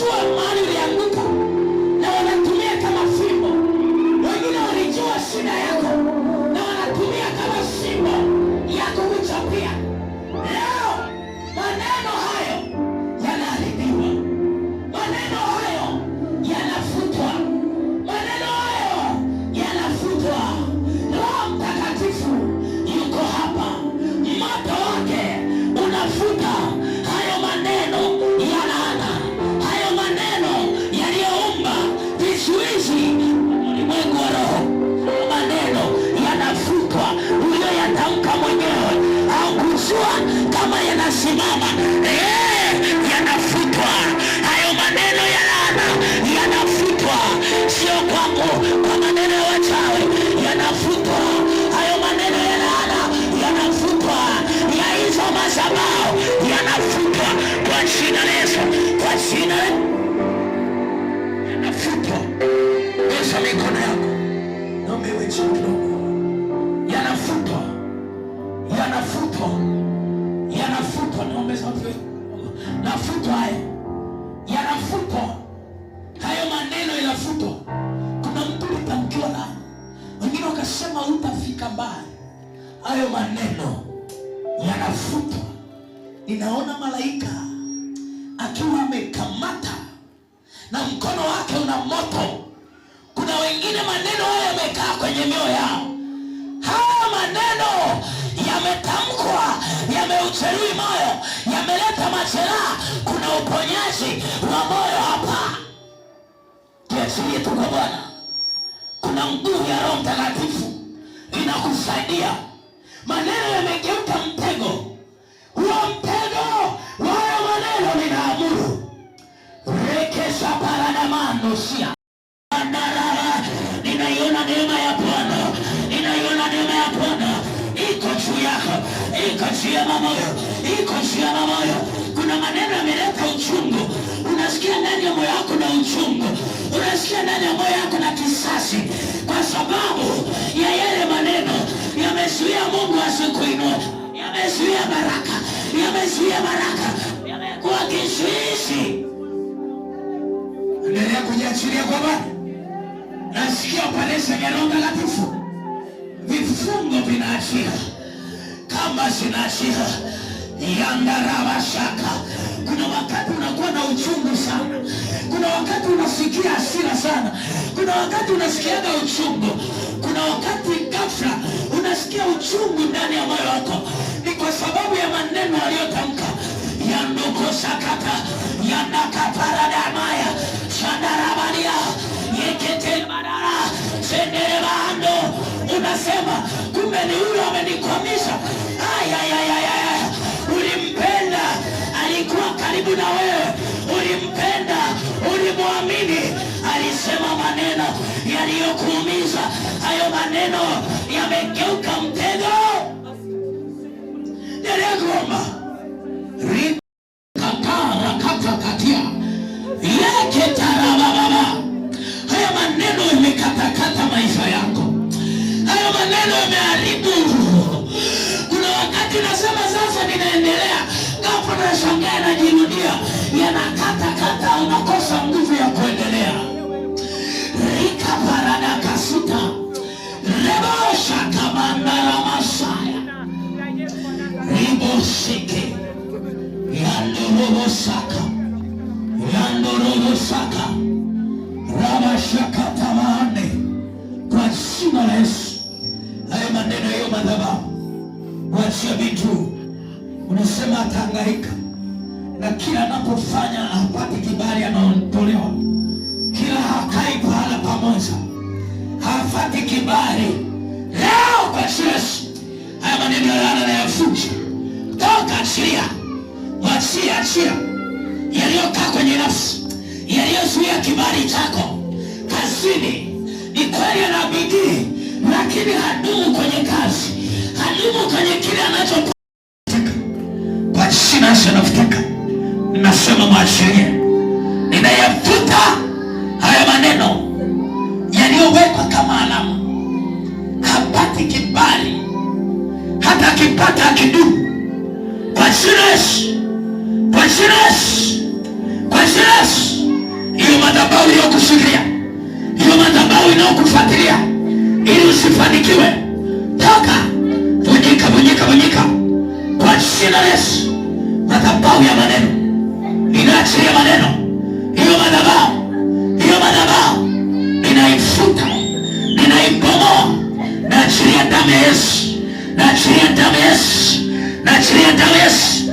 Which one? kusimama eh, yanafutwa, hayo maneno ya laana yanafutwa, sio kwako, kwa maneno ya wachawi yanafutwa, hayo maneno ya laana yanafutwa, ya hizo mazabao yanafutwa kwa jina la kwa jina yanafutwa. Onyesha mikono yako, naomba iwe yanafutwa haya, yanafutwa hayo maneno, yanafutwa. Kuna mtu litamkiwa na wengine wakasema hutafika mbali, hayo maneno yanafutwa. Ninaona malaika akiwa amekamata na mkono wake una moto. Kuna wengine maneno hayo yamekaa kwenye mioyo yao majeruhi moyo yameleta majeraha, kuna uponyaji wa moyo hapa. Kiachilie tu kwa Bwana, kuna nguvu ya Roho Mtakatifu inakusaidia. Maneno yamegeuka mtego, huo mtego wayo maneno linaamuru rekesha paranamanosia ikaziana moyo, ikaziana moyo. Kuna maneno yameleta uchungu, unasikia ndani ya moyo wako na uchungu, unasikia ndani ya moyo wako na kisasi, kwa sababu ya yale maneno yamezuia Mungu asikuinue, yamezuia baraka, yamezuia baraka, yamekuwa kizuizi. Endelea kujiachilia kwa Bwana. Nasikia pale Sengeronga Latifu, vifungo vinaachia ambasinashia yandarabashaka. Kuna wakati unakuwa na uchungu sana, kuna wakati unasikia asira sana, kuna wakati unasikiaga uchungu, kuna wakati ghafla unasikia uchungu ndani ya moyo wako, ni kwa sababu ya maneno aliyotamka yandokosakata yandakaparadamaya shandarabalia yeketemadara senderebando. Unasema kumbe ni yule amenikwamisha. Ulimpenda, alikuwa karibu na wewe, ulimpenda, ulimwamini. Alisema maneno yaliyokuumiza, hayo maneno yamegeuka mtego. Deragoma rikatarakatakatia yeketarabababa, hayo maneno yamekatakata maisha yako, hayo maneno yameharibu kuna wakati nasema sasa ninaendelea, ghafla unashangaa yanajirudia, kata, unakosa nguvu ya kuendelea. rika paradaka sita rebosha kamandara masaya riboshike yandorobosaka yandorobosaka lazima atahangaika, na kila anapofanya hapati kibali, anaondolewa. Kila hakai pahala pamoja, hafati kibali. Leo kwa Yesu, haya maneno na yafuja, toka, achilia, wachia achia yaliyokaa kwenye nafsi, yaliyozuia kibali chako kazini. Ni kweli ana bidii, lakini hadumu kwenye kazi, hadumu kwenye kile anacho ambacho nafutika, ninasema mwashiria, ninayafuta haya maneno yaliyowekwa kama alama. Hapati kibali hata akipata akidumu kwa jina Yesu, kwa jina Yesu, kwa jina Yesu. Hiyo madhabahu inayokushikilia, hiyo madhabahu inayokufuatilia ili usifanikiwe, toka, vunjika, vunjika, vunjika kwa jina Yesu madhabahu ya maneno, ninaachilia maneno hiyo madhabahu hiyo madhabahu ninaifuta, ninaibomoa, naachilia damu ya Yesu, naachilia damu ya Yesu, naachilia damu ya Yesu